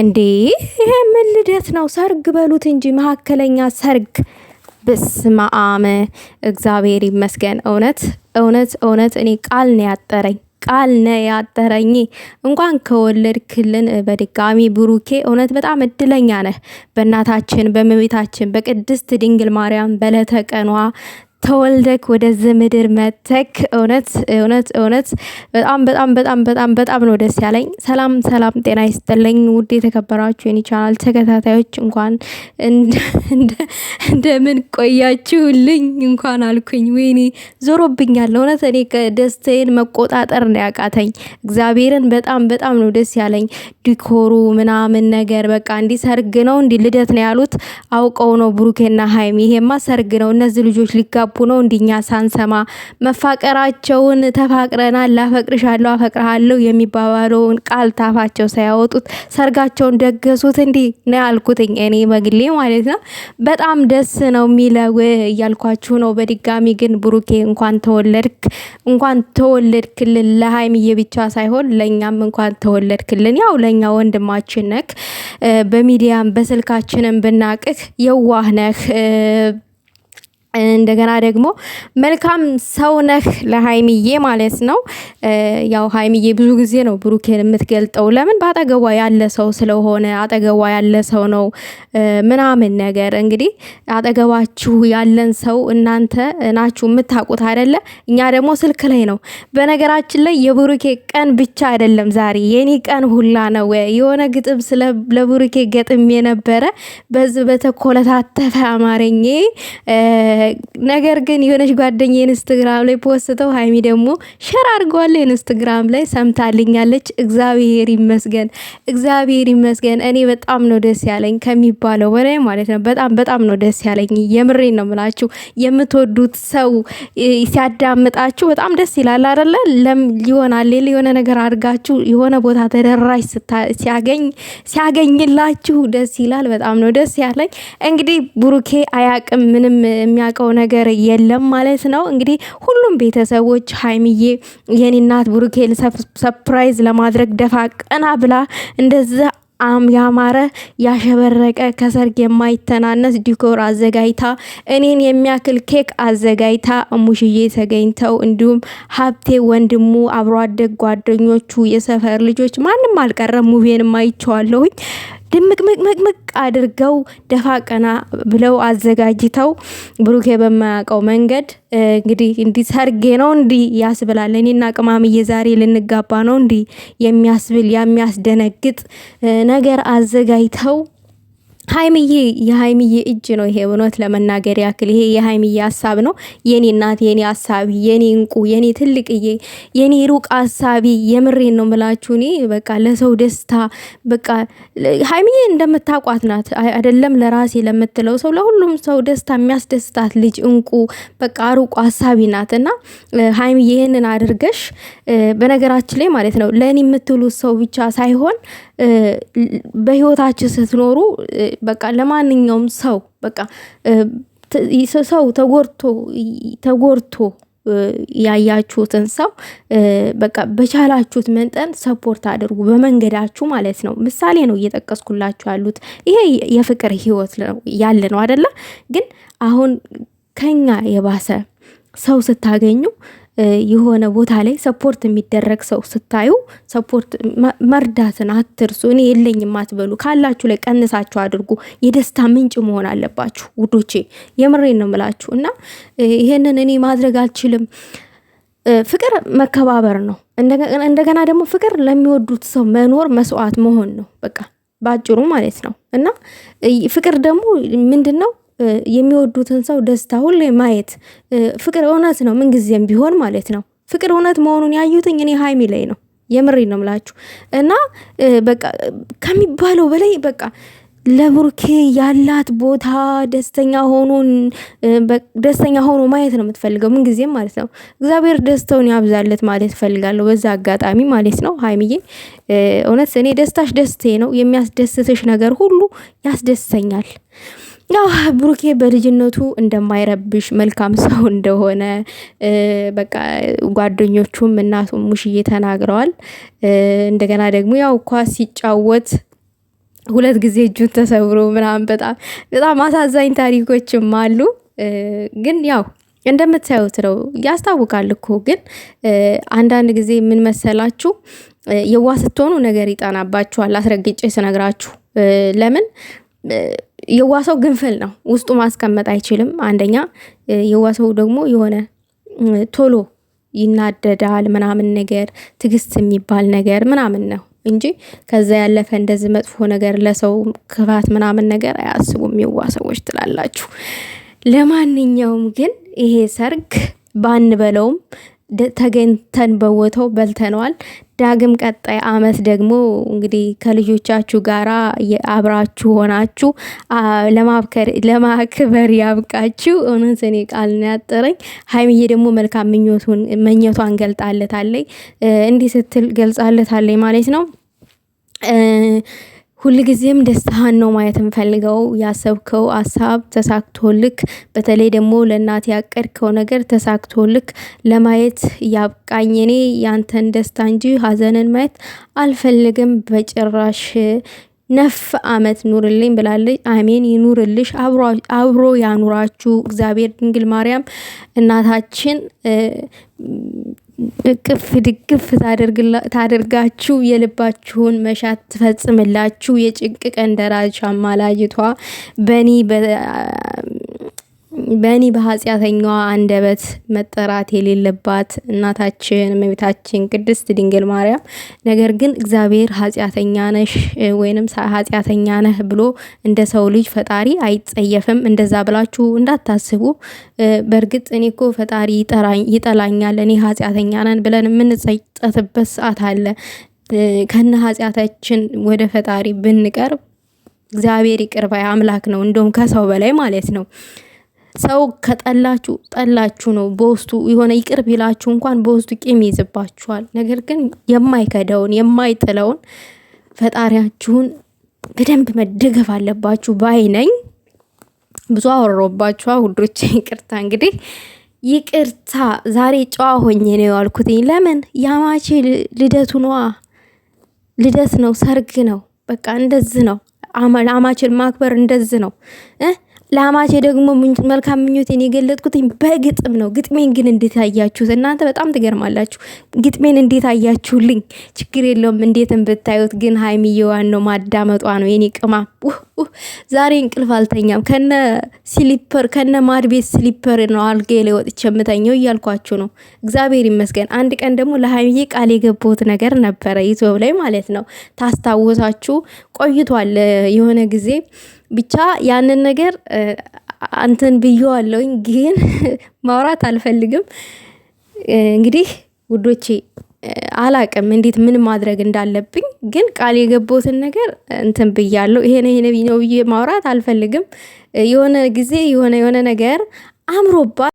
እንዴ ይሄ ምን ልደት ነው? ሰርግ በሉት እንጂ መካከለኛ ሰርግ። በስመ አብ እግዚአብሔር ይመስገን። እውነት እውነት እውነት እኔ ቃል ነው ያጠረኝ ቃል ነ ያጠረኝ። እንኳን ከወለድክልን በድጋሚ ብሩኬ፣ እውነት በጣም እድለኛ ነህ። በእናታችን በእመቤታችን በቅድስት ድንግል ማርያም በለተቀኗ ተወልደክ ወደዚህ ምድር መተክ እውነት እውነት እውነት በጣም በጣም በጣም በጣም በጣም ነው ደስ ያለኝ። ሰላም ሰላም፣ ጤና ይስጥልኝ ውድ የተከበራችሁ የኔ ቻናል ተከታታዮች እንኳን እንደምን ቆያችሁልኝ እንኳን አልኩኝ። ወይኔ ዞሮብኛል እውነት እኔ ደስታዬን መቆጣጠር ነው ያቃተኝ። እግዚአብሔርን በጣም በጣም ነው ደስ ያለኝ። ዲኮሩ ምናምን ነገር በቃ እንዲ ሰርግ ነው እንዲ ልደት ነው ያሉት አውቀው ነው ብሩኬና ሀይሚ። ይሄማ ሰርግ ነው እነዚህ ልጆች ሊጋቡ እየተጋቡ ነው እንዲኛ ሳንሰማ መፋቀራቸውን ተፋቅረናል፣ ላፈቅርሻለሁ፣ አፈቅርሃለሁ የሚባባለውን ቃል ታፋቸው ሳያወጡት ሰርጋቸውን ደገሱት። እንዲህ ነው ያልኩትኝ እኔ መግሌ ማለት ነው። በጣም ደስ ነው የሚለው እያልኳችሁ ነው። በድጋሚ ግን ብሩኬ እንኳን ተወለድክ እንኳን ተወለድክልን ለሀይምዬ ብቻ ሳይሆን ለእኛም እንኳን ተወለድክልን። ያው ለእኛ ወንድማችን ነክ በሚዲያም በስልካችንም ብናቅህ የዋህ ነህ። እንደገና ደግሞ መልካም ሰው ነህ ለሀይሚዬ ማለት ነው። ያው ሀይሚዬ ብዙ ጊዜ ነው ብሩኬን የምትገልጠው። ለምን በአጠገቧ ያለ ሰው ስለሆነ አጠገቧ ያለ ሰው ነው ምናምን ነገር እንግዲህ አጠገባችሁ ያለን ሰው እናንተ ናችሁ የምታውቁት አይደለ? እኛ ደግሞ ስልክ ላይ ነው። በነገራችን ላይ የብሩኬ ቀን ብቻ አይደለም ዛሬ የኔ ቀን ሁላ ነው። የሆነ ግጥም ለብሩኬ ገጥም የነበረ በዚህ በተኮለታተፈ አማርኜ ነገር ግን የሆነች ጓደኛ ኢንስትግራም ላይ ፖስተው ሀይሚ ደግሞ ሸር አድርገዋለ ኢንስትግራም ላይ ሰምታልኛለች። እግዚአብሔር ይመስገን፣ እግዚአብሔር ይመስገን። እኔ በጣም ነው ደስ ያለኝ ከሚባለው በላይ ማለት ነው። በጣም በጣም ነው ደስ ያለኝ። የምሬን ነው ምላችሁ። የምትወዱት ሰው ሲያዳምጣችሁ በጣም ደስ ይላል አደለ? ሊሆናል ሌላ የሆነ ነገር አድርጋችሁ የሆነ ቦታ ተደራሽ ሲያገኝ ሲያገኝላችሁ ደስ ይላል። በጣም ነው ደስ ያለኝ። እንግዲህ ብሩኬ አያቅም ምንም የሚያ የማናቀው ነገር የለም ማለት ነው። እንግዲህ ሁሉም ቤተሰቦች ሀይሚዬ የኔ እናት ብሩኬን ሰፕራይዝ ለማድረግ ደፋ ቀና ብላ እንደዛ አም ያማረ ያሸበረቀ ከሰርግ የማይተናነስ ዲኮር አዘጋጅታ እኔን የሚያክል ኬክ አዘጋጅታ ሙሽዬ ተገኝተው እንዲሁም ሀብቴ ወንድሙ፣ አብሮ አደግ ጓደኞቹ፣ የሰፈር ልጆች ማንም አልቀረም። ሙቤንም አይቼዋለሁኝ። ድምቅምቅምቅምቅ አድርገው ደፋ ቀና ብለው አዘጋጅተው ብሩኬ በማያውቀው መንገድ እንግዲህ እንዲህ ሰርጌ ነው እንዲህ ያስብላል። እኔና ቅማምዬ ዛሬ ልንጋባ ነው እንዲህ የሚያስብል የሚያስደነግጥ ነገር አዘጋጅተው ሀይምዬ የሀይምዬ እጅ ነው ይሄ። እውነት ለመናገር ያክል ይሄ የሀይምዬ ሀሳብ ነው። የኔ እናት፣ የኔ ሀሳቢ፣ የኔ እንቁ፣ የኔ ትልቅዬ፣ የኔ ሩቅ ሀሳቢ፣ የምሬን ነው ምላችሁ። እኔ በቃ ለሰው ደስታ በቃ ሀይምዬ እንደምታውቋት ናት አይደለም፣ ለራሴ ለምትለው ሰው ለሁሉም ሰው ደስታ የሚያስደስታት ልጅ እንቁ፣ በቃ ሩቁ ሀሳቢ ናት እና ሀይምዬ ይህንን አድርገሽ በነገራችን ላይ ማለት ነው ለእኔ የምትሉት ሰው ብቻ ሳይሆን በህይወታችን ስትኖሩ በቃ ለማንኛውም ሰው በቃ ሰው ተጎርቶ ተጎርቶ ያያችሁትን ሰው በቃ በቻላችሁት መንጠን ሰፖርት አድርጉ፣ በመንገዳችሁ ማለት ነው። ምሳሌ ነው እየጠቀስኩላችሁ ያሉት። ይሄ የፍቅር ህይወት ያለ ነው አይደለ? ግን አሁን ከኛ የባሰ ሰው ስታገኙ የሆነ ቦታ ላይ ሰፖርት የሚደረግ ሰው ስታዩ ሰፖርት መርዳትን አትርሱ። እኔ የለኝም አትበሉ። ካላችሁ ላይ ቀንሳችሁ አድርጉ። የደስታ ምንጭ መሆን አለባችሁ ውዶቼ፣ የምሬን ነው ምላችሁ እና ይሄንን እኔ ማድረግ አልችልም። ፍቅር መከባበር ነው። እንደገና ደግሞ ፍቅር ለሚወዱት ሰው መኖር መስዋዕት መሆን ነው። በቃ በአጭሩ ማለት ነው እና ፍቅር ደግሞ ምንድን ነው የሚወዱትን ሰው ደስታ ሁሌ ማየት ፍቅር እውነት ነው፣ ምንጊዜም ቢሆን ማለት ነው። ፍቅር እውነት መሆኑን ያዩትኝ እኔ ሀይሚ ላይ ነው። የምሬ ነው ምላችሁ እና በቃ ከሚባለው በላይ በቃ ለቡርኬ ያላት ቦታ ደስተኛ ሆኖ ደስተኛ ሆኖ ማየት ነው የምትፈልገው ምንጊዜም ማለት ነው። እግዚአብሔር ደስተውን ያብዛለት ማለት ፈልጋለሁ በዛ አጋጣሚ ማለት ነው። ሀይሚዬ እውነት እኔ ደስታሽ ደስቴ ነው። የሚያስደስትሽ ነገር ሁሉ ያስደስተኛል። ብሩኬ በልጅነቱ እንደማይረብሽ መልካም ሰው እንደሆነ በቃ ጓደኞቹም እናቱም ሙሽዬ ተናግረዋል። እንደገና ደግሞ ያው እኳ ሲጫወት ሁለት ጊዜ እጁን ተሰብሮ ምናምን በጣም በጣም አሳዛኝ ታሪኮችም አሉ። ግን ያው እንደምታዩት ነው ያስታውቃል እኮ። ግን አንዳንድ ጊዜ ምን መሰላችሁ የዋ ስትሆኑ ነገር ይጠናባችኋል። አስረግጬ ስነግራችሁ ለምን የዋሰው ግንፍል ነው፣ ውስጡ ማስቀመጥ አይችልም። አንደኛ የዋሰው ደግሞ የሆነ ቶሎ ይናደዳል ምናምን ነገር ትግስት የሚባል ነገር ምናምን ነው እንጂ ከዛ ያለፈ እንደዚህ መጥፎ ነገር ለሰው ክፋት ምናምን ነገር አያስቡም የዋ ሰዎች ትላላችሁ። ለማንኛውም ግን ይሄ ሰርግ ባንበለውም ተገኝተን በቦታው በልተነዋል። ዳግም ቀጣይ አመት ደግሞ እንግዲህ ከልጆቻችሁ ጋራ አብራችሁ ሆናችሁ ለማክበር ያብቃችሁ። እውነት እኔ ቃል ያጠረኝ። ሀይምዬ ደግሞ መልካም መኘቷን ገልጣለታለይ። እንዲህ ስትል ገልጻለታለይ ማለት ነው። ሁልጊዜም ደስታህን ነው ማየት የምፈልገው። ያሰብከው ሀሳብ ተሳክቶልክ፣ በተለይ ደግሞ ለእናት ያቀድከው ነገር ተሳክቶልክ ለማየት ያብቃኝ። እኔ ያንተን ደስታ እንጂ ሀዘንን ማየት አልፈልግም በጭራሽ። ነፍ አመት ኑርልኝ ብላለች። አሜን ይኑርልሽ፣ አብሮ ያኑራችሁ እግዚአብሔር። ድንግል ማርያም እናታችን እቅፍ ድግፍ ታደርጋችሁ የልባችሁን መሻት ትፈጽምላችሁ የጭንቅ ቀን ደራሽ አማላጅቷ በኒ በእኔ በኃጢአተኛዋ አንደበት መጠራት የሌለባት እናታችን እመቤታችን ቅድስት ድንግል ማርያም ነገር ግን እግዚአብሔር ኃጢአተኛ ነሽ ወይንም ኃጢአተኛ ነህ ብሎ እንደ ሰው ልጅ ፈጣሪ አይጸየፍም። እንደዛ ብላችሁ እንዳታስቡ። በእርግጥ እኔ እኮ ፈጣሪ ይጠላኛል፣ እኔ ኃጢአተኛ ነን ብለን የምንጸጸትበት ሰዓት አለ። ከነ ኃጢአታችን ወደ ፈጣሪ ብንቀርብ እግዚአብሔር ይቅር ባይ አምላክ ነው፣ እንደውም ከሰው በላይ ማለት ነው። ሰው ከጠላችሁ ጠላችሁ ነው። በውስጡ የሆነ ይቅር ቢላችሁ እንኳን በውስጡ ቂም ይዝባችኋል። ነገር ግን የማይከደውን የማይጥለውን ፈጣሪያችሁን በደንብ መደገፍ አለባችሁ ባይ ነኝ። ብዙ አወሮባችኋ ውዶች፣ ይቅርታ እንግዲህ ይቅርታ። ዛሬ ጨዋ ሆኜ ነው የዋልኩትኝ። ለምን ያማቼ ልደቱ ነዋ። ልደት ነው፣ ሰርግ ነው። በቃ እንደዚህ ነው። አማችን ማክበር እንደዚህ ነው። ለአማቼ ደግሞ መልካም ምኞቴን የገለጥኩትኝ በግጥም ነው። ግጥሜን ግን እንዴት አያችሁት እናንተ? በጣም ትገርማላችሁ። ግጥሜን እንዴት አያችሁልኝ? ችግር የለውም እንዴትም ብታዩት ግን ሀይሚየዋን ነው ማዳመጧ ነው የኔ ቅማ ዛሬ እንቅልፍ አልተኛም። ከነ ስሊፐር ከነ ማድቤት ስሊፐር ነው አልጌ ላይ ወጥቼ የምተኘው እያልኳችሁ ነው። እግዚአብሔር ይመስገን። አንድ ቀን ደግሞ ለሀይሚዬ ቃል የገባሁት ነገር ነበረ ዩቲዩብ ላይ ማለት ነው። ታስታውሳችሁ ቆይቷል የሆነ ጊዜ ብቻ ያንን ነገር አንተን ብየዋለሁኝ፣ ግን ማውራት አልፈልግም። እንግዲህ ውዶቼ አላቅም እንዴት ምን ማድረግ እንዳለብኝ ግን ቃል የገባሁትን ነገር እንትን ብያለሁ። ይሄን ይሄን ነው ብዬ ማውራት አልፈልግም። የሆነ ጊዜ የሆነ የሆነ ነገር አምሮባት